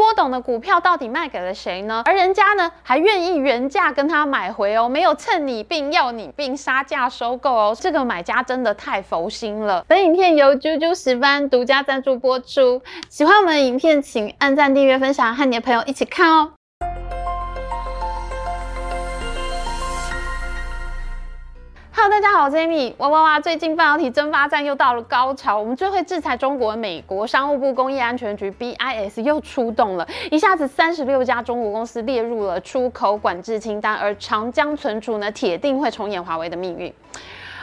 郭董的股票到底賣給了誰呢？而人家呢，還願意原價跟他買回哦、喔，沒有趁你病，要你病，殺價收購哦、喔，這個買家真的太佛心了。本影片由啾啾石斑獨家贊助播出，喜歡我們的影片請按讚、訂閱、分享，和你的朋友一起看哦、喔。Hello，大家好，我是 Emmy。哇哇哇！最近半導體爭霸戰又到了高潮，我們最會制裁中國的美國商務部工業安全局 BIS 又出動了，一下子三十六家中國公司列入了出口管制清單，而長江存儲呢，鐵定會重演華為的命運。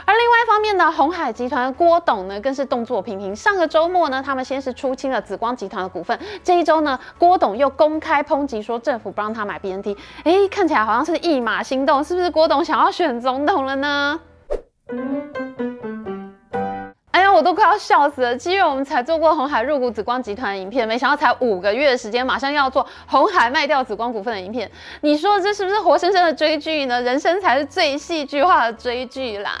而另外一方面呢，鴻海集團郭董呢更是動作頻頻。上個週末呢，他們先是出清了紫光集團的股份。這一周呢，郭董又公開抨擊說政府不讓他買 BNT、欸。哎，看起來好像是一馬心動，是不是郭董想要選總統了呢？哎呀，我都快要笑死了！七月我們才做過鴻海入股紫光集團的影片，沒想到才五個月的時間，馬上要做鴻海賣掉紫光股份的影片。你說這是不是活生生的追劇呢？人生才是最戲劇化的追劇啦！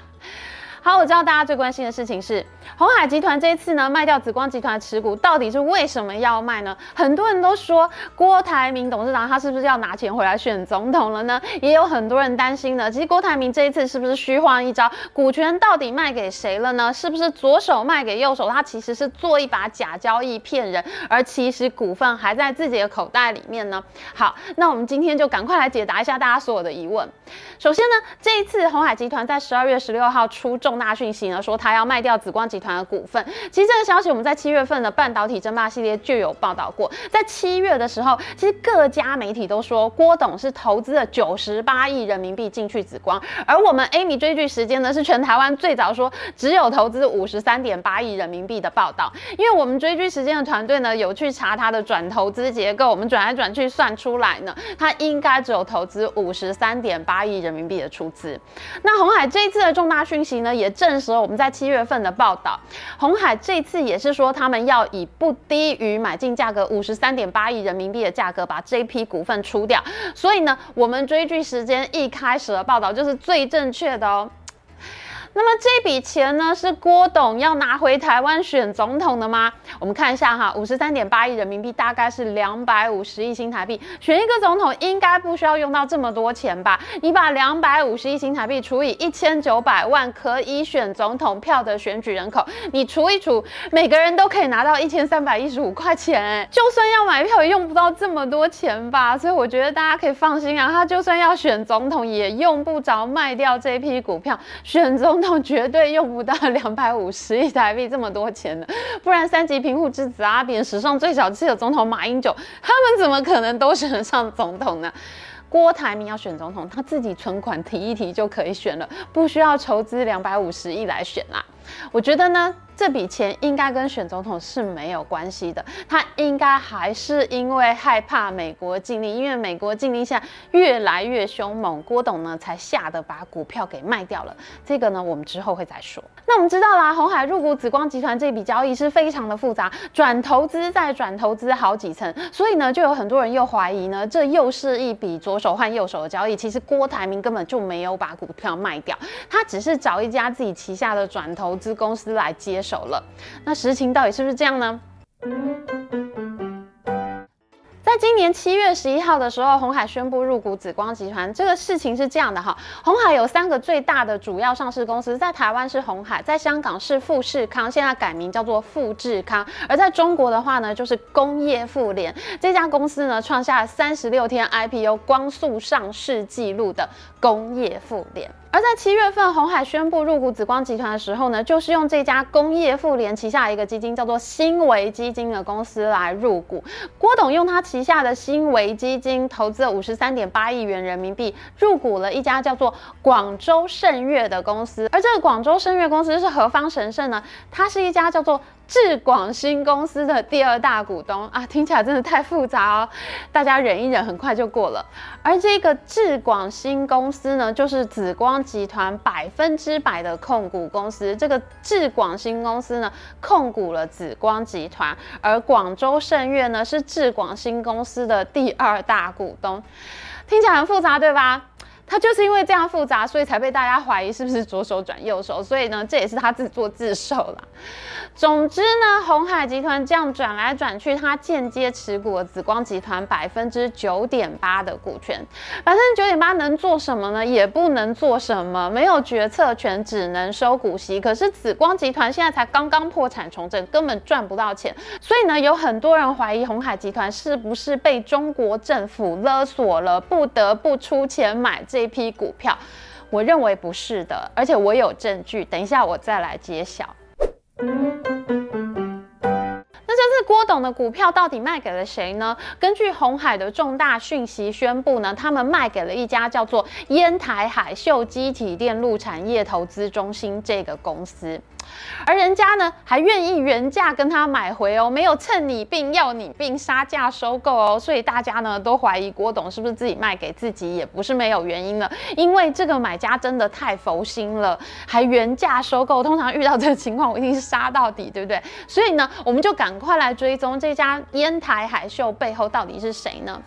好，我知道大家最關心的事情是，鴻海集團這一次呢賣掉紫光集團的持股，到底是為什麼要賣呢？很多人都說郭台銘董事長他是不是要拿錢回來選總統了呢？也有很多人擔心呢。其實郭台銘這一次是不是虛晃一招，股權到底賣給誰了呢？是不是左手賣給右手？他其實是做一把假交易騙人，而其實股份還在自己的口袋裡面呢。好，那我們今天就趕快來解答一下大家所有的疑問。首先呢，這一次鴻海集團在十二月十六號出重大訊息呢，說他要賣掉紫光集團的股份。其實這個消息我們在七月份的半導體爭霸系列就有報道過。在七月的時候，其實各家媒體都說郭董是投資了九十八億人民幣進去紫光，而我們 Amy 追劇時間呢是全台灣最早說只有投資五十三點八億人民幣的報道。因為我們追劇時間的團隊呢有去查他的轉投資結構，我們轉來轉去算出來呢，他應該只有投資五十三點八億人民幣。人民幣的出資，那鴻海這一次的重大訊息呢，也證實了我們在七月份的報道。鴻海這次也是說，他們要以不低於買進價格五十三點八億人民幣的價格把這一批股份出掉。所以呢，我們追劇時間一開始的報道就是最正確的哦。那麼這筆錢呢，是郭董要拿回台灣選總統的嗎？我們看一下哈，五十三點八億人民幣大概是兩百五十億新台幣，選一個總統應該不需要用到這麼多錢吧？你把兩百五十億新台幣除以一千九百萬可以選總統票的選舉人口，你除一除，每個人都可以拿到一千三百一十五塊錢，欸。就算要買票也用不到這麼多錢吧？所以我覺得大家可以放心啊，他就算要選總統也用不着賣掉這批股票，選總統。絕對用不到兩百五十億台幣這麼多錢呢，不然三級貧戶之子阿扁、史上最小氣的總統馬英九，他們怎麼可能都選得上總統呢？郭台銘要選總統，他自己存款提一提就可以選了，不需要籌資兩百五十億來選啦、啊。我覺得呢，這筆錢應該跟選總統是沒有關係的，他應該還是因為害怕美國禁令，因為美國禁令下越來越兇猛，郭董呢才嚇得把股票給賣掉了。這個呢，我們之後會再說。那我們知道啦、啊，鴻海入股紫光集團這筆交易是非常的複雜，轉投資再轉投資好幾層，所以呢，就有很多人又懷疑呢，這又是一筆左手換右手的交易。其實郭台銘根本就沒有把股票賣掉，他只是找一家自己旗下的轉投資資公司來接手了，那實情到底是不是這樣呢？在今年七月十一號的時候，鴻海宣布入股紫光集團。這個事情是這樣的哈，鴻海有三個最大的主要上市公司，在台灣是鴻海，在香港是富士康，現在改名叫做富智康，而在中國的話呢，就是工業富聯這家公司呢，創下了三十六天 IPO 光速上市紀錄的工業富聯。而在七月份，鴻海宣布入股紫光集團的時候呢，就是用這家工業富聯旗下的一個基金叫做新維基金的公司來入股。郭董用他旗下的新維基金投資了五十三點八億元人民幣，入股了一家叫做廣州盛悅的公司。而這個廣州盛悅公司是何方神聖呢？它是一家叫做智廣新公司的第二大股東啊，聽起來真的太複雜哦。大家忍一忍，很快就過了。而這個智廣新公司呢，就是紫光集團百分之百的控股公司。這個智廣新公司呢，控股了紫光集團，而廣州盛悅呢是智廣新公司的第二大股東，聽起來很複雜，對吧？他就是因為這樣複雜，所以才被大家懷疑是不是左手轉右手，所以呢，這也是他自作自受啦。總之呢，鴻海集團這樣轉來轉去，他間接持股了紫光集團百分之九點八的股權。百分之九點八能做什麼呢？也不能做什麼，沒有決策權，只能收股息。可是紫光集團現在才剛剛破產重整，根本賺不到錢，所以呢，有很多人懷疑鴻海集團是不是被中國政府勒索了，不得不出錢買。這批股票，我認為不是的，而且我有證據，等一下我再來揭曉。那這次郭董的股票到底賣給了誰呢？根據鴻海的重大訊息宣布呢，他們賣給了一家叫做煙台海秀積體電路產業投資中心這個公司。而人家呢，還願意原價跟他買回哦，沒有趁你病要你病殺價收購哦，所以大家呢都懷疑郭董是不是自己賣給自己，也不是沒有原因了，因為這個買家真的太佛心了，還原價收購。通常遇到這個情況，我一定是殺到底，對不對？所以呢，我們就趕快來追蹤這家煙台海秀背後到底是誰呢？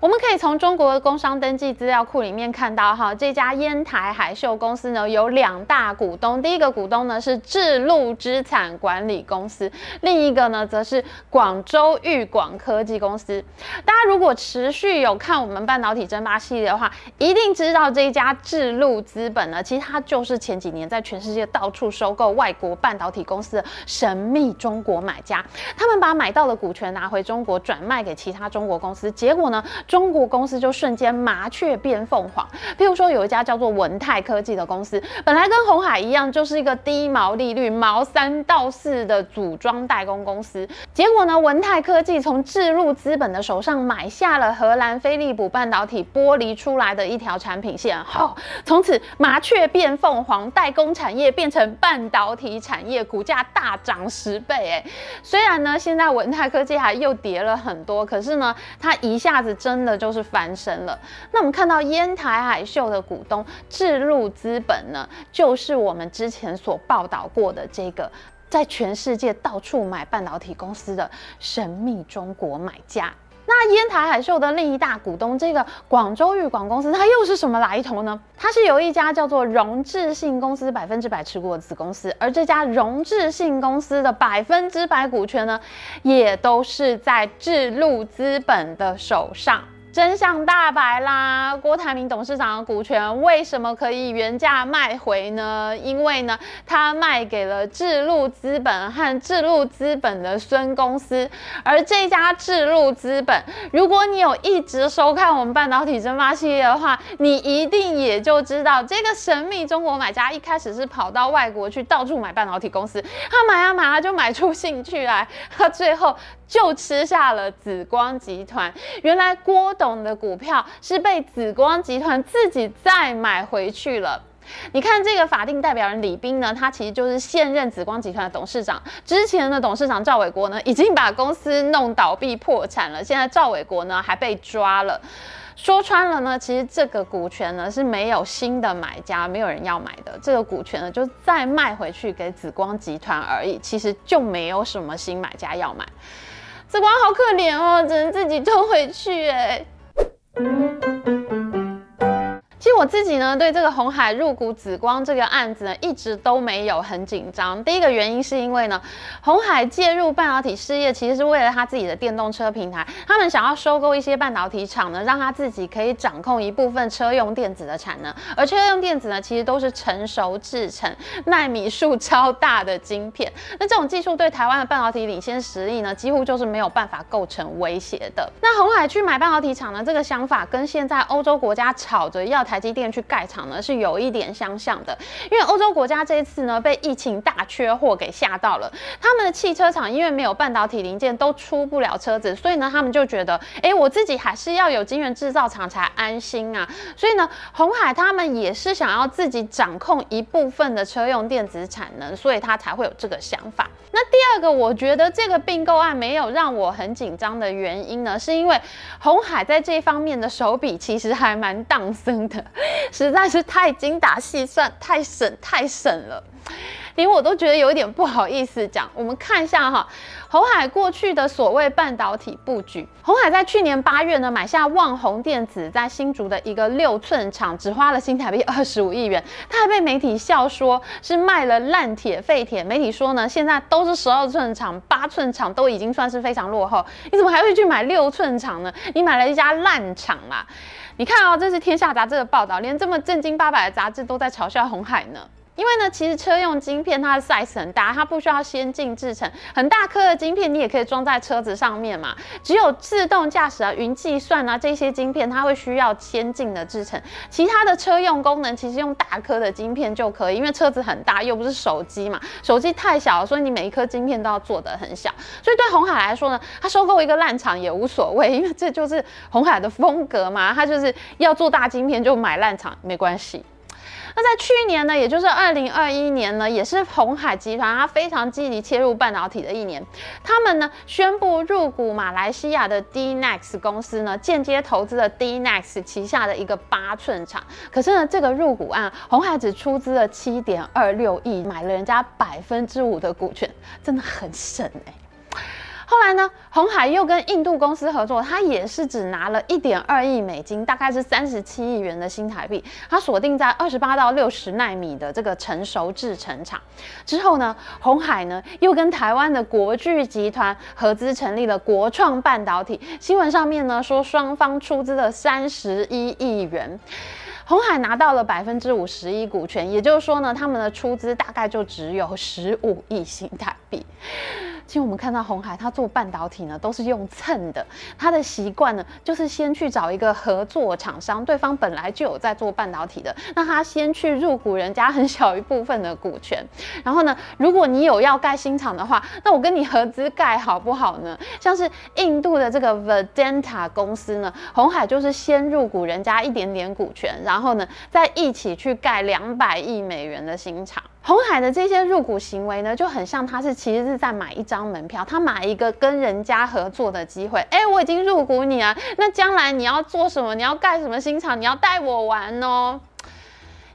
我們可以從中國的工商登記資料庫裡面看到，哈，這家煙台海秀公司呢，有兩大股東，第一個股東呢是智路資產管理公司，另一個呢則是廣州裕廣科技公司。大家如果持續有看我們半導體爭霸系列的話，一定知道這一家智路資本呢，其實它就是前幾年在全世界到處收購外國半導體公司的神秘中國買家，他們把買到的股權拿回中國，轉賣給其他中國公司，結果呢？中國公司就瞬間麻雀變鳳凰。譬如說，有一家叫做聞泰科技的公司，本來跟鴻海一樣，就是一個低毛利率、毛三到四的組裝代工公司。結果呢，聞泰科技從智路資本的手上買下了荷蘭飛利浦半導體剝離出來的一條產品線，好，從此麻雀變鳳凰，代工產業變成半導體產業，股價大漲十倍。哎，雖然呢，現在聞泰科技還又跌了很多，可是呢，它一下子真。真的就是翻身了。那我們看到煙台海秀的股東智路資本呢，就是我們之前所報道過的這個在全世界到處買半導體公司的神秘中國買家。那煙台海秀的另一大股東，這個廣州裕廣公司，它又是什麼來頭呢？它是由一家叫做融智信公司百分之百持股的子公司，而這家融智信公司的百分之百股權呢，也都是在智路資本的手上。真相大白啦！郭台銘董事長的股權為什麼可以原價賣回呢？因為呢，他賣給了智路資本和智路資本的孫公司。而這家智路資本，如果你有一直收看我們半導體爭霸系列的話，你一定也就知道，這個神秘中國買家一開始是跑到外國去到處買半導體公司，他買啊買啊就買出興趣來，他最後就吃下了紫光集團。原來郭台懂的股票是被紫光集團自己再買回去了。你看這個法定代表人李斌呢，他其實就是現任紫光集團的董事長。之前的董事長趙偉國呢，已經把公司弄倒閉破產了。現在趙偉國呢還被抓了。說穿了呢，其實這個股權呢是沒有新的買家，沒有人要買的。這個股權呢就再賣回去給紫光集團而已。其實就沒有什麼新買家要買。紫光好可憐哦，只能自己偷回去哎、欸。 因為我自己呢，對這個鴻海入股紫光這個案子呢，一直都沒有很緊張。第一個原因是因為呢，鴻海介入半導體事業，其實是為了他自己的電動車平台，他們想要收購一些半導體廠呢，讓他自己可以掌控一部分車用電子的產能。而車用電子呢，其實都是成熟製程、奈米數超大的晶片。那這種技術對台灣的半導體領先實力呢，幾乎就是沒有辦法構成威脅的。那鴻海去買半導體廠呢，這個想法跟現在歐洲國家吵着要台機電去蓋廠呢，是有一點相像，像的，因為歐洲國家這一次呢，被疫情大缺貨給嚇到了，他們的汽車廠因為沒有半導體零件都出不了車子，所以呢，他們就覺得，哎，我自己還是要有晶圓製造廠才安心啊，所以呢，鴻海他們也是想要自己掌控一部分的車用電子產能，所以他才會有這個想法。那第二個，我覺得這個併購案沒有讓我很緊張的原因呢，是因為鴻海在這方面的手筆其實還蠻蕩生的，實在是太精打細算，太省，太省了，連我都覺得有點不好意思講。我們看一下哈。鴻海過去的所謂半導體布局，鴻海在去年八月呢買下旺宏電子在新竹的一個六寸廠，只花了新台幣二十五億元。他還被媒體笑說是賣了爛鐵廢鐵。媒體說呢，現在都是十二寸廠、八寸廠，都已經算是非常落後，你怎麼還會去買六寸廠呢？你買了一家爛廠啦，啊，你看哦，這是《天下》雜誌的報道，連這麼正經八百的雜誌都在嘲笑鴻海呢。因為呢，其實車用晶片它的 size 很大，它不需要先進製程，很大顆的晶片，你也可以裝在車子上面嘛。只有自動駕駛啊、雲計算啊這些晶片，它會需要先進的製程。其他的車用功能，其實用大顆的晶片就可以，因為車子很大，又不是手機嘛。手機太小，所以你每一顆晶片都要做得很小。所以對鴻海來說呢，他收購一個爛廠也無所謂，因為這就是鴻海的風格嘛。他就是要做大晶片，就買爛廠沒關係。那在去年呢，也就是二零二一年呢，也是鴻海集團它非常積極切入半導體的一年。他們呢宣布入股馬來西亞的 Dnex 公司呢，間接投資了 Dnex 旗下的一個八寸廠。可是呢，這個入股案，鴻海只出資了七點二六億，買了人家百分之五的股權，真的很省哎、欸。後來呢，鴻海又跟印度公司合作，他也是只拿了一點二億美金，大概是三十七億元的新台幣。他鎖定在二十八到六十奈米的這個成熟製程廠。之後呢，鴻海呢又跟台灣的國巨集團合資成立了國創半導體。新聞上面呢說，雙方出資了三十一億元，鴻海拿到了百分之五十一股權，也就是說呢，他們的出資大概就只有十五億新台幣。其實我們看到鴻海，他做半導體呢，都是用蹭的。他的習慣呢，就是先去找一個合作廠商，對方本來就有在做半導體的，那他先去入股人家很小一部分的股權。然後呢，如果你有要蓋新廠的話，那我跟你合資蓋好不好呢？像是印度的這個 Vedanta 公司呢，鴻海就是先入股人家一點點股權，然後呢，再一起去蓋兩百億美元的新廠。鴻海的這些入股行為呢，就很像他是其實是在買一張門票，他買一個跟人家合作的機會。哎，我已經入股你了，那將來你要做什麼？你要蓋什麼新廠？你要帶我玩哦。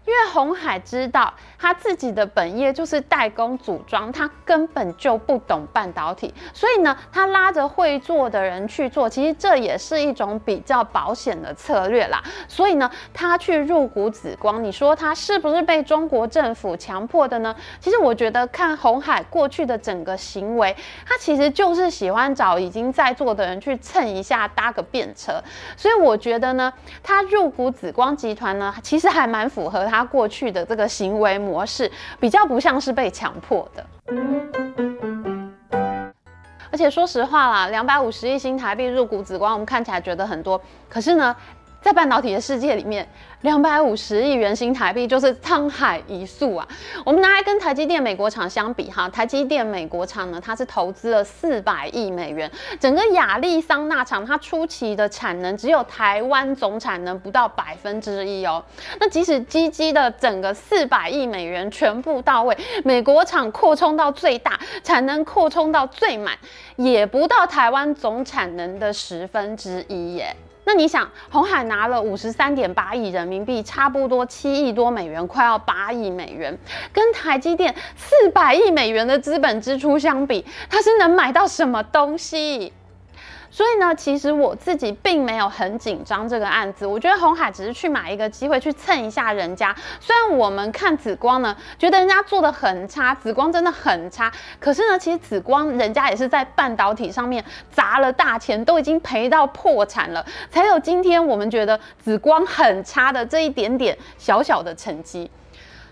因為鴻海知道他自己的本業就是代工組裝，他根本就不懂半導體，所以呢，他拉着會做的人去做，其實這也是一種比較保險的策略啦。所以呢，他去入股紫光，你說他是不是被中國政府強迫的呢？其實我覺得看鴻海過去的整個行為，他其實就是喜歡找已經在座的人去蹭一下搭個便車。所以我覺得呢，他入股紫光集團呢，其實還蠻符合他。他過去的這個行為模式比較不像是被強迫的，而且說實話啦，兩百五十億新台幣入股紫光，我們看起來覺得很多，可是呢？在半導體的世界裡面，兩百五十億元新台幣就是滄海一粟啊！我們拿來跟台積電美國廠相比哈，台積電美國廠呢，它是投資了四百億美元，整個亞利桑那廠它初期的產能只有台灣總產能不到百分之一哦。那即使積積的整個四百億美元全部到位，美國廠擴充到最大，產能擴充到最滿，也不到台灣總產能的十分之一耶。欸那你想，鴻海拿了五十三點八億人民幣，差不多七億多美元，快要八億美元，跟台積電四百億美元的資本支出相比，他是能買到什麼東西？所以呢，其實我自己並沒有很緊張這個案子。我覺得鴻海只是去買一個機會去蹭一下人家。雖然我們看紫光呢，覺得人家做得很差，紫光真的很差。可是呢，其實紫光人家也是在半導體上面砸了大錢，都已經賠到破產了，才有今天我們覺得紫光很差的這一點點小小的成績。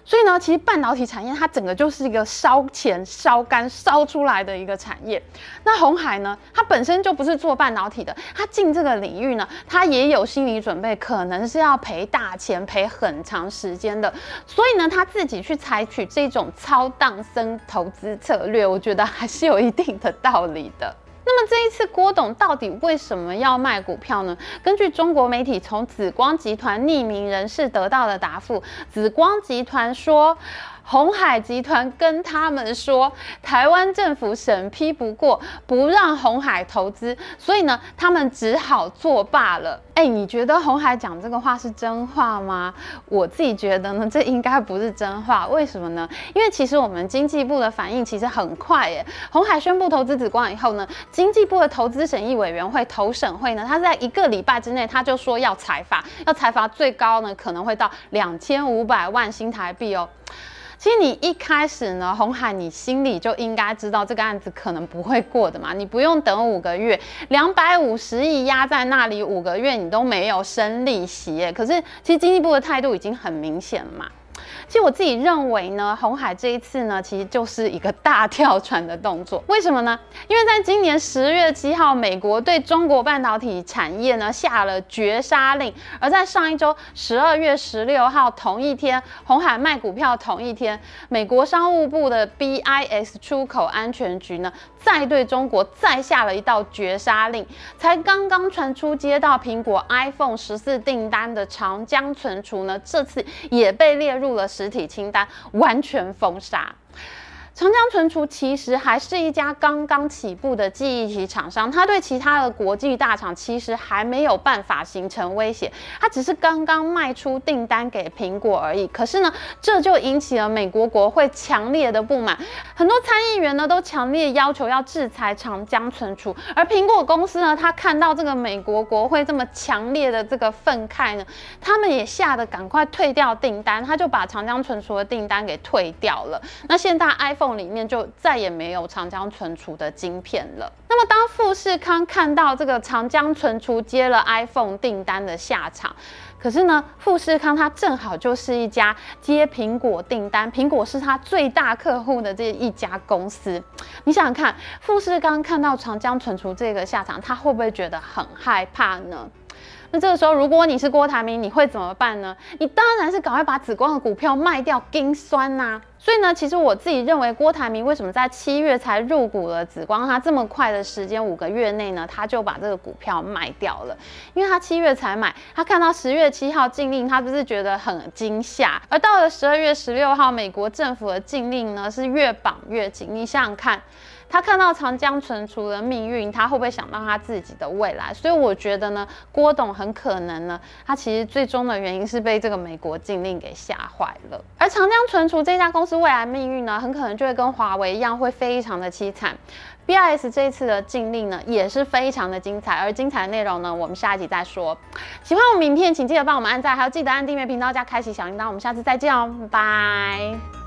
所以呢，其實半導體產業它整個就是一個燒錢、燒肝、燒出來的一個產業。那鴻海呢，它本身就不是做半導體的，它進這個領域呢，它也有心理準備，可能是要賠大錢、賠很長時間的。所以呢，他自己去採取這種超蕩升投資策略，我覺得還是有一定的道理的。那麼這一次，郭董到底為什麼要賣股票呢？根據中國媒體從紫光集團匿名人士得到的答覆，紫光集團說。鴻海集團跟他們說，台灣政府審批不過，不讓鴻海投資，所以呢，他們只好作罷了。哎，你覺得鴻海講這個話是真話嗎？我自己覺得呢，這應該不是真話。為什麼呢？因為其實我們經濟部的反應其實很快，哎，鴻海宣布投資紫光以後呢，經濟部的投資審議委員會投審會呢，他在一個禮拜之內，他就說要裁罰，要裁罰最高呢可能會到兩千五百萬新台幣哦。其實你一開始呢，鴻海，你心裡就應該知道這個案子可能不會過的嘛。你不用等五個月，兩百五十億壓在那裡五個月，你都沒有升利息。可是，其實經濟部的態度已經很明顯了嘛。其實我自己認為呢，鴻海這一次呢，其實就是一個大跳船的動作。為什麼呢？因為在今年十月七號，美國對中國半導體產業呢下了絕殺令；而在上一周十二月十六號同一天，鴻海賣股票同一天，美國商務部的 BIS 出口安全局呢再對中國再下了一道絕殺令。才剛剛傳出接到蘋果 iPhone 十四訂單的長江存儲呢，這次也被列入了。實體清單完全封殺。長江存儲其實還是一家剛剛起步的記憶體廠商，它對其他的國際大廠其實還沒有辦法形成威脅，它只是剛剛賣出訂單給蘋果而已。可是呢，這就引起了美國國會強烈的不滿，很多參議員呢都強烈要求要制裁長江存儲。而蘋果公司呢，它看到這個美國國會這麼強烈的這個憤慨呢，他們也嚇得趕快退掉訂單，他就把長江存儲的訂單給退掉了。那現在 iPhone。洞裡面就再也沒有長江存儲的晶片了。那麼，當富士康看到這個長江存儲接了 iPhone 訂單的下場，可是呢，富士康它正好就是一家接蘋果訂單，蘋果是他最大客戶的這一家公司。你想想看，富士康看到長江存儲這個下場，他會不會覺得很害怕呢？那這個時候，如果你是郭台銘，你會怎麼辦呢？你當然是趕快把紫光的股票賣掉，心酸吶、啊。所以呢，其實我自己認為，郭台銘為什麼在七月才入股了紫光，他這麼快的時間，五個月內呢，他就把這個股票賣掉了，因為他七月才買，他看到十月七號禁令，他不是覺得很驚嚇，而到了十二月十六號，美國政府的禁令呢是越綁越緊，你想想看。他看到長江存儲的命運，他會不會想到他自己的未來？所以我覺得呢，郭董很可能呢，他其實最終的原因是被這個美國禁令給嚇壞了。而長江存儲這家公司未來命運呢，很可能就會跟華為一樣，會非常的淒慘。BIS 這一次的禁令呢，也是非常的精彩。而精彩的內容呢，我們下一集再說。喜歡我們影片，請記得幫我們按讚，還有記得按訂閱頻道加開啟小鈴鐺。我們下次再見哦，拜。